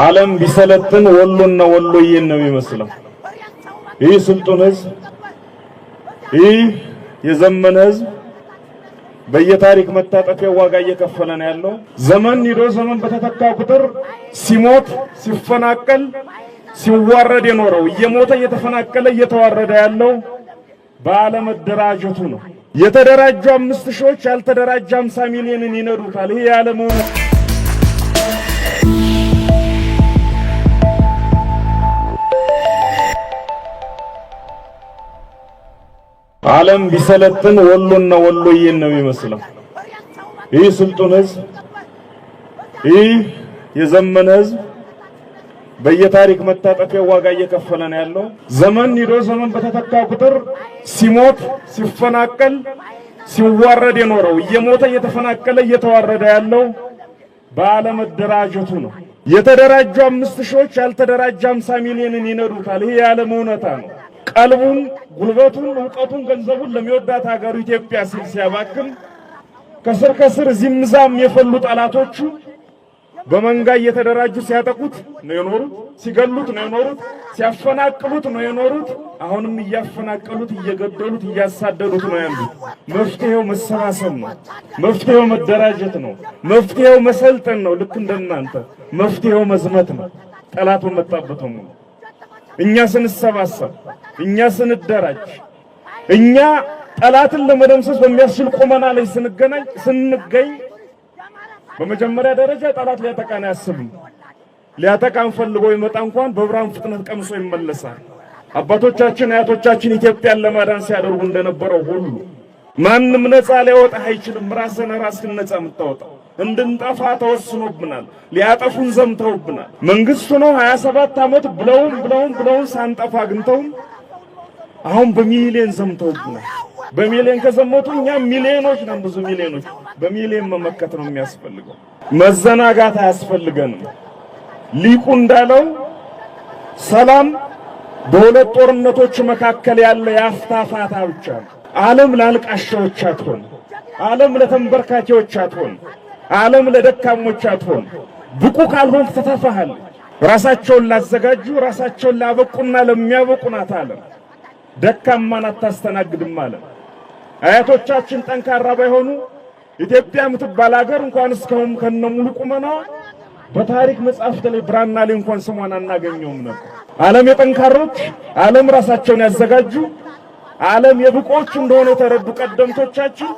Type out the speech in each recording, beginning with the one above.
ዓለም ቢሰለጥን ወሎና ነው ወሎዬን ነው የሚመስለው። ይህ ስልጡን ህዝብ፣ ይህ የዘመነ ህዝብ በየታሪክ መታጠፊያ ዋጋ እየከፈለ ነው ያለው። ዘመን ሂዶ ዘመን በተተካ ቁጥር ሲሞት፣ ሲፈናቀል፣ ሲዋረድ የኖረው እየሞተ እየተፈናቀለ እየተዋረደ ያለው ባለመደራጀቱ ነው። የተደራጁ አምስት ሺዎች ያልተደራጀ አምሳ ሚሊዮንን ይነዱታል። ይሄ ያለመሆኑ ዓለም ቢሰለጥን ወሎና ወሎዬን ነው የሚመስለው። ይህ ስልጡን ህዝብ፣ ይህ የዘመነ ህዝብ በየታሪክ መታጠፊያ ዋጋ እየከፈለ ነው ያለው። ዘመን ሂዶ ዘመን በተተካ ቁጥር ሲሞት ሲፈናቀል ሲዋረድ የኖረው እየሞተ እየተፈናቀለ እየተዋረደ ያለው ባለመደራጀቱ ነው። የተደራጁ አምስት ሺዎች ያልተደራጀ አምሳ ሚሊዮንን ይነዱታል። ይሄ የዓለም እውነታ ነው። ቀልቡን፣ ጉልበቱን፣ እውቀቱን፣ ገንዘቡን ለሚወዳት ሀገሩ ኢትዮጵያ ሲል ሲያባክን ከስር ከስር እዚህም እዛም የፈሉ ጠላቶቹ በመንጋ እየተደራጁ ሲያጠቁት ነው የኖሩት። ሲገሉት ነው የኖሩት። ሲያፈናቅሉት ነው የኖሩት። አሁንም እያፈናቀሉት፣ እየገደሉት፣ እያሳደዱት ነው ያሉት። መፍትሄው መሰባሰብ ነው። መፍትሄው መደራጀት ነው። መፍትሄው መሰልጠን ነው። ልክ እንደናንተ መፍትሄው መዝመት ነው። ጠላት በመጣበት ነው እኛ ስንሰባሰብ፣ እኛ ስንደራጅ፣ እኛ ጠላትን ለመደምሰስ በሚያስችል ቁመና ላይ ስንገናኝ ስንገኝ በመጀመሪያ ደረጃ ጠላት ሊያጠቃን አያስብም። ሊያጠቃን ፈልጎ ይመጣ እንኳን በብርሃን ፍጥነት ቀምሶ ይመለሳል። አባቶቻችን አያቶቻችን ኢትዮጵያን ለማዳን ሲያደርጉ እንደነበረው ሁሉ ማንም ነፃ ላይወጣ አይችልም። ራስን ራስን ነፃ የምታወጣው እንድንጠፋ ተወስኖብናል። ሊያጠፉን ዘምተውብናል። መንግስቱ ነው 27 ዓመት ብለውም ብለውም ብለው ሳንጠፋ ግንተው አሁን በሚሊዮን ዘምተውብናል። በሚሊየን ከዘመቱ እኛም ሚሊዮኖች ነን፣ ብዙ ሚሊየኖች በሚሊየን መመከት ነው የሚያስፈልገው። መዘናጋት አያስፈልገንም። ሊቁ እንዳለው ሰላም በሁለት ጦርነቶች መካከል ያለ የአፍታፋታ ብቻ ነው። ዓለም ለአልቃሻዎች አትሆን። ዓለም ለተንበርካኪዎች አትሆን። ዓለም ለደካሞች አትሆን። ብቁ ካልሆን ትተፋሃል። ራሳቸውን ላዘጋጁ ራሳቸውን ላበቁና ለሚያበቁ ናት ዓለም። ደካማን አታስተናግድም ዓለም። አያቶቻችን ጠንካራ ባይሆኑ ኢትዮጵያ የምትባል ሀገር እንኳን እስካሁን ከነሙሉ ቁመናዋ በታሪክ መጽሐፍ ላይ ብራና ላይ እንኳን ስሟን አናገኘውም ነበር። ዓለም የጠንካሮች ዓለም ራሳቸውን ያዘጋጁ ዓለም የብቆቹ እንደሆነ የተረዱ ቀደምቶቻችን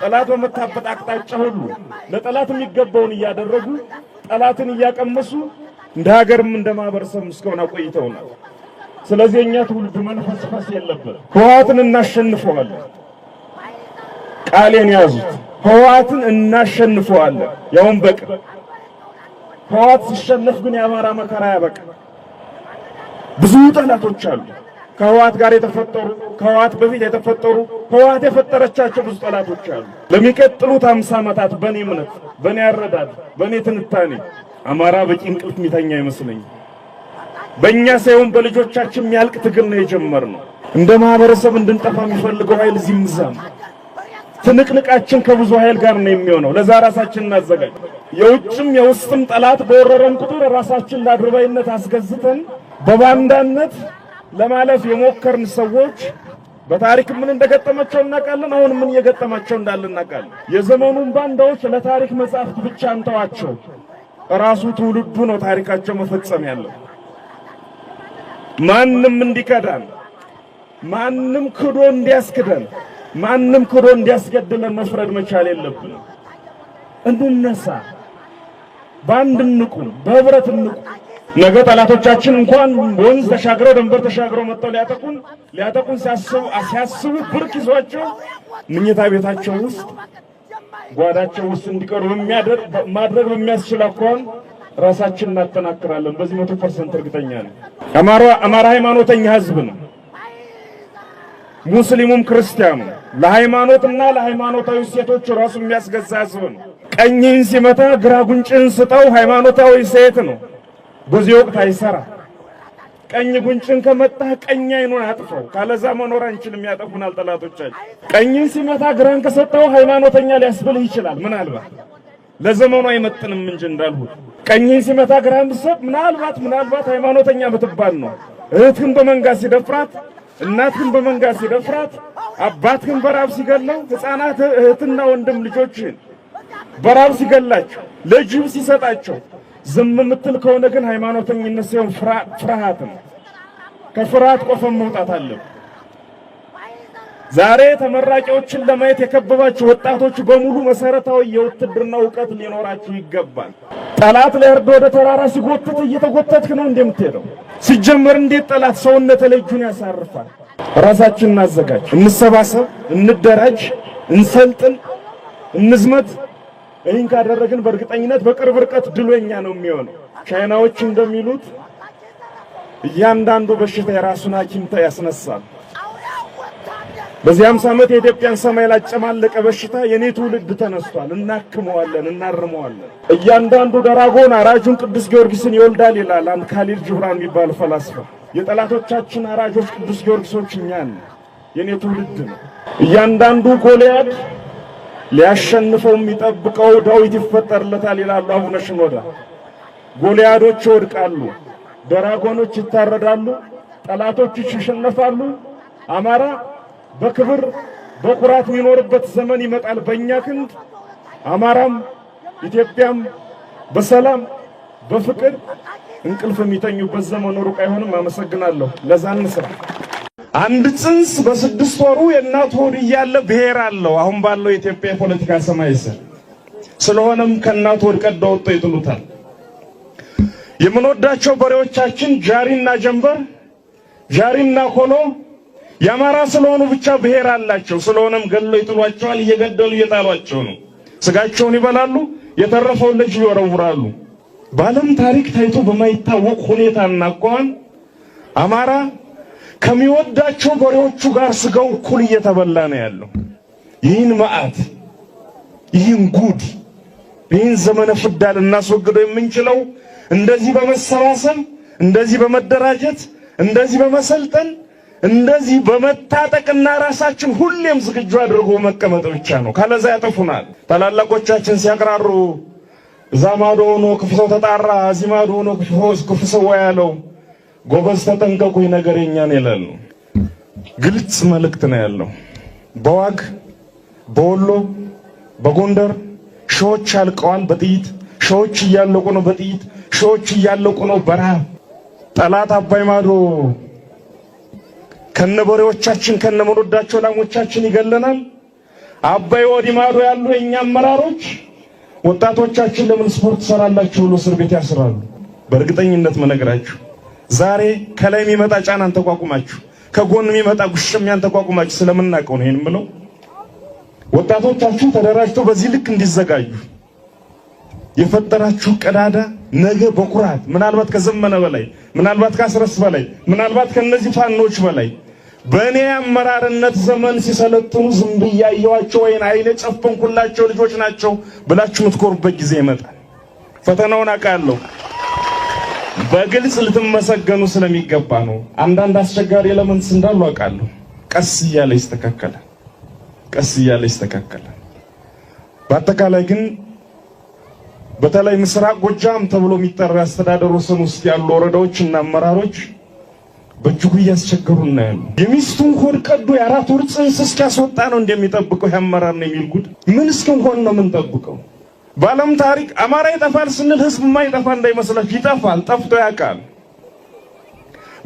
ጠላት በመታበጥ አቅጣጫ ሁሉ ለጠላት የሚገባውን እያደረጉ ጠላትን እያቀመሱ እንደ ሀገርም እንደ ማህበረሰብ እስከሆነ ቆይተውናል። ስለዚህ እኛ ትውልድ መንፈስፈስ የለበት። ህወሓትን እናሸንፈዋለን። ቃሌን ያዙት። ህወሓትን እናሸንፈዋለን። ያውም በቅ ህወሓት ሲሸነፍ ግን የአማራ መከራ ያበቃ ብዙ ጠላቶች አሉ። ከህወሓት ጋር የተፈጠሩ ከህወሓት በፊት የተፈጠሩ ህወሓት የፈጠረቻቸው ብዙ ጠላቶች አሉ። ለሚቀጥሉት አምሳ ዓመታት በእኔ እምነት፣ በእኔ አረዳድ፣ በእኔ ትንታኔ አማራ በቂ እንቅልፍ የሚተኛ አይመስለኝም። በእኛ ሳይሆን በልጆቻችን የሚያልቅ ትግል ነው የጀመርነው። እንደ ማህበረሰብ እንድንጠፋ የሚፈልገው ኃይል እዚህም እዚያም ትንቅንቃችን ከብዙ ኃይል ጋር ነው የሚሆነው። ለዛ ራሳችን እናዘጋጅ። የውጭም የውስጥም ጠላት በወረረን ቁጥር ራሳችን ለአድርባይነት አስገዝተን በባንዳነት ለማለፍ የሞከርን ሰዎች በታሪክ ምን እንደገጠማቸው እናውቃለን። አሁን ምን እየገጠማቸው እንዳለ እናውቃለን። የዘመኑን ባንዳዎች ለታሪክ መጽሐፍት ብቻ እንተዋቸው። ራሱ ትውልዱ ነው ታሪካቸው መፈጸም ያለው። ማንም እንዲከዳን፣ ማንም ክዶ እንዲያስክደን፣ ማንም ክዶ እንዲያስገድለን መፍረድ መቻል የለብንም? እንነሳ፣ በአንድ እንቁም፣ በህብረት እንቁም። ነገ ጠላቶቻችን እንኳን ወንዝ ተሻግረው ደንበር ተሻግረው መጥተው ሊያጠቁን ሊያጠቁን ሲያስቡ ብርቅ ይዟቸው ምኝታ ቤታቸው ውስጥ ጓዳቸው ውስጥ እንዲቀሩ ማድረግ በሚያስችል አኳኋን ራሳችን እናጠናክራለን። በዚህ መቶ ፐርሰንት እርግጠኛ ነው። አማራ ሃይማኖተኛ ህዝብ ነው። ሙስሊሙም ክርስቲያኑ ለሃይማኖትና ለሃይማኖታዊ ሴቶች ራሱ የሚያስገዛ ህዝብ ነው። ቀኝን ሲመታ ግራ ጉንጭን ስጠው ሃይማኖታዊ ሴት ነው። በዚህ ወቅት አይሰራ። ቀኝ ጉንጭን ከመጣ ቀኝ አይኑን አጥፈው፣ ካለዛ መኖር አንችልም። ያጠፉናል ጠላቶቻችን። ቀኝን ሲመታ ግራን ከሰጠው ሃይማኖተኛ ሊያስብልህ ይችላል። ምናልባት ለዘመኑ አይመጥንም እንጂ እንዳልሁት ቀኝን ሲመታ ግራን ብትሰጥ ምናልባት ምናልባት ሃይማኖተኛ ምትባል ነው። እህትህን በመንጋ ሲደፍራት፣ እናትህን በመንጋ ሲደፍራት፣ አባትህን በራብ ሲገለው፣ ሕፃናት እህትና ወንድም ልጆችህን በራብ ሲገላቸው፣ ለጅብ ሲሰጣቸው ዝም የምትል ከሆነ ግን ሃይማኖተኝነት ሲሆን ፍርሃትም ከፍርሃት ቆፈን መውጣት አለ። ዛሬ ተመራቂዎችን ለማየት የከበባችሁ ወጣቶች በሙሉ መሰረታዊ የውትድርና እውቀት ሊኖራችሁ ይገባል። ጠላት ለእርድ ወደ ተራራ ሲጎትት እየተጎተትክ ነው እንዴ የምትሄደው? ሲጀመር እንዴት ጠላት ሰውነት ላይ እጁን ያሳርፋል? ራሳችን እናዘጋጅ፣ እንሰባሰብ፣ እንደራጅ፣ እንሰልጥን፣ እንዝመት። ይህን ካደረግን በእርግጠኝነት በቅርብ ርቀት ድሎኛ ነው የሚሆነው። ቻይናዎች እንደሚሉት እያንዳንዱ በሽታ የራሱን ሐኪም ያስነሳል። በዚህ ሃምሳ ዓመት የኢትዮጵያን ሰማይ ላጨማለቀ በሽታ የኔ ትውልድ ተነስቷል። እናክመዋለን፣ እናርመዋለን። እያንዳንዱ ደራጎን አራጁን ቅዱስ ጊዮርጊስን ይወልዳል ይላል አንድ ካሊል ጅብራን የሚባል ፈላስፋ። የጠላቶቻችን አራጆች ቅዱስ ጊዮርጊሶች እኛን የኔ ትውልድ ነው። እያንዳንዱ ጎልያድ ሊያሸንፈው የሚጠብቀው ዳዊት ይፈጠርለታል ይላሉ አቡነ ሽኖዳ። ጎልያዶች ይወድቃሉ፣ ደራጎኖች ይታረዳሉ፣ ጠላቶች ይሸነፋሉ። አማራ በክብር በኩራት የሚኖርበት ዘመን ይመጣል በእኛ ክንድ። አማራም ኢትዮጵያም በሰላም በፍቅር እንቅልፍ የሚተኙበት ዘመኑ ሩቅ አይሆንም። አመሰግናለሁ። ለዛ ስራ። አንድ ጽንስ በስድስት ወሩ የእናት ሆድ እያለ ብሔር አለው አሁን ባለው የኢትዮጵያ የፖለቲካ ሰማይ ስር። ስለሆነም ከእናት ሆድ ቀደው ወጥቶ ይጥሉታል። የምንወዳቸው በሬዎቻችን ጃሪና ጀንበር፣ ጃሪና ኮሎ የአማራ ስለሆኑ ብቻ ብሔር አላቸው። ስለሆነም ገሎ ይጥሏቸዋል። እየገደሉ እየጣሏቸው ነው። ስጋቸውን ይበላሉ፣ የተረፈውን ልጅ ይወረውራሉ። በዓለም ታሪክ ታይቶ በማይታወቅ ሁኔታ አኳኋን አማራ ከሚወዳቸው በሬዎቹ ጋር ስጋው እኩል እየተበላ ነው ያለው። ይህን መዓት፣ ይህን ጉድ፣ ይህን ዘመነ ፍዳ ልናስወግደው የምንችለው እንደዚህ በመሰባሰብ እንደዚህ በመደራጀት እንደዚህ በመሰልጠን እንደዚህ በመታጠቅና ራሳችን ሁሌም ዝግጁ አድርጎ መቀመጥ ብቻ ነው። ካለዛ ያጠፉናል። ታላላቆቻችን ሲያቅራሩ እዛ ማዶ ሆኖ ክፉ ሰው ተጣራ፣ እዚህ ማዶ ሆኖ ክፉ ሰው ያለው ጎበዝ ተጠንቀቁ፣ ነገር የኛን ይላሉ። ግልጽ መልእክት ነው ያለው። በዋግ በወሎ በጎንደር ሺዎች አልቀዋል በጥይት ሺዎች እያለቁ ነው በጥይት ሺዎች እያለቁ ነው በረሃብ። ጠላት አባይ ማዶ ከነበሬዎቻችን ከነመኖዳቸው ላሞቻችን ይገለናል። አባይ ወዲህ ማዶ ያሉ የኛ አመራሮች ወጣቶቻችን ለምን ስፖርት ትሰራላችሁ ብሎ እስር ቤት ያስራሉ። በእርግጠኝነት መነግራችሁ ዛሬ ከላይ የሚመጣ ጫናን ተቋቁማችሁ ከጎን የሚመጣ ጉሽሚያን ተቋቁማችሁ ስለምናውቀው ነው ይሄን ብለው ወጣቶቻችሁ ተደራጅተው በዚህ ልክ እንዲዘጋጁ የፈጠራችሁ ቀዳዳ ነገ በኩራት ምናልባት ከዘመነ በላይ ምናልባት ከአስረስ በላይ ምናልባት ከነዚህ ፋኖች በላይ በእኔ አመራርነት ዘመን ሲሰለጥኑ ዝም ብዬ ያየኋቸው ወይን አይነ ጨፈንኩላቸው ልጆች ናቸው ብላችሁ የምትኮሩበት ጊዜ ይመጣል። ፈተናውን አውቃለሁ። በግልጽ ልትመሰገኑ ስለሚገባ ነው። አንዳንድ አስቸጋሪ ኤለመንትስ እንዳሉ አውቃለሁ። ቀስ እያለ ይስተካከለ፣ ቀስ እያለ ይስተካከለ። በአጠቃላይ ግን በተለይ ምስራቅ ጎጃም ተብሎ የሚጠራ አስተዳደር ወሰን ውስጥ ያሉ ወረዳዎች እና አመራሮች በእጅጉ እያስቸገሩ እናያሉ። የሚስቱን ሆድ ቀዶ የአራት ወር ጽንስ እስኪያስወጣ ነው እንደሚጠብቀው የአመራር ነው የሚል ጉድ ምን እስኪሆን ነው የምንጠብቀው? በዓለም ታሪክ አማራ ይጠፋል ስንል ህዝብ ማይጠፋ እንዳይመስላችሁ፣ ይጠፋል፣ ጠፍቶ ያውቃል።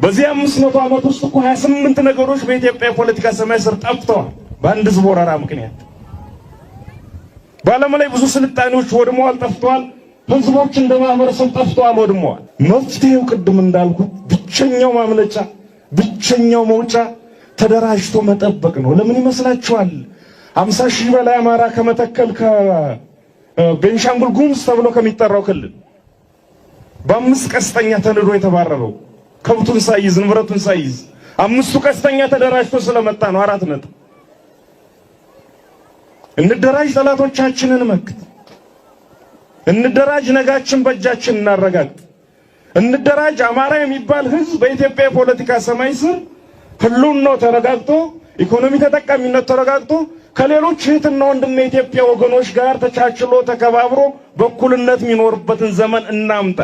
በዚህ አምስት መቶ ዓመት ውስጥ እኮ 28 ነገሮች በኢትዮጵያ የፖለቲካ ሰማይ ስር ጠፍተዋል በአንድ ህዝብ ወረራ ምክንያት። በዓለም ላይ ብዙ ስልጣኔዎች ወድመዋል፣ ጠፍተዋል። ህዝቦች እንደ ማህበረሰብ ጠፍተዋል፣ ወድመዋል። መፍትሄው ቅድም እንዳልኩት ብቸኛው ማምለጫ ብቸኛው መውጫ ተደራጅቶ መጠበቅ ነው። ለምን ይመስላችኋል? 50 ሺህ በላይ አማራ ከመተከል ቤንሻንጉል ጉሙዝ ተብሎ ከሚጠራው ክልል በአምስት ቀስተኛ ተንዶ የተባረረው ከብቱን ሳይዝ ንብረቱን ሳይዝ አምስቱ ቀስተኛ ተደራጅቶ ስለመጣ ነው። አራት ነጥብ እንደራጅ፣ ጠላቶቻችንን መክት፣ እንደራጅ፣ ነጋችን በእጃችን እናረጋግጥ፣ እንደራጅ። አማራ የሚባል ህዝብ በኢትዮጵያ የፖለቲካ ሰማይ ስር ህልውናው ተረጋግጦ ኢኮኖሚ ተጠቃሚነት ተረጋግጦ ከሌሎች እህትና ወንድም የኢትዮጵያ ወገኖች ጋር ተቻችሎ ተከባብሮ በእኩልነት የሚኖርበትን ዘመን እናምጣ።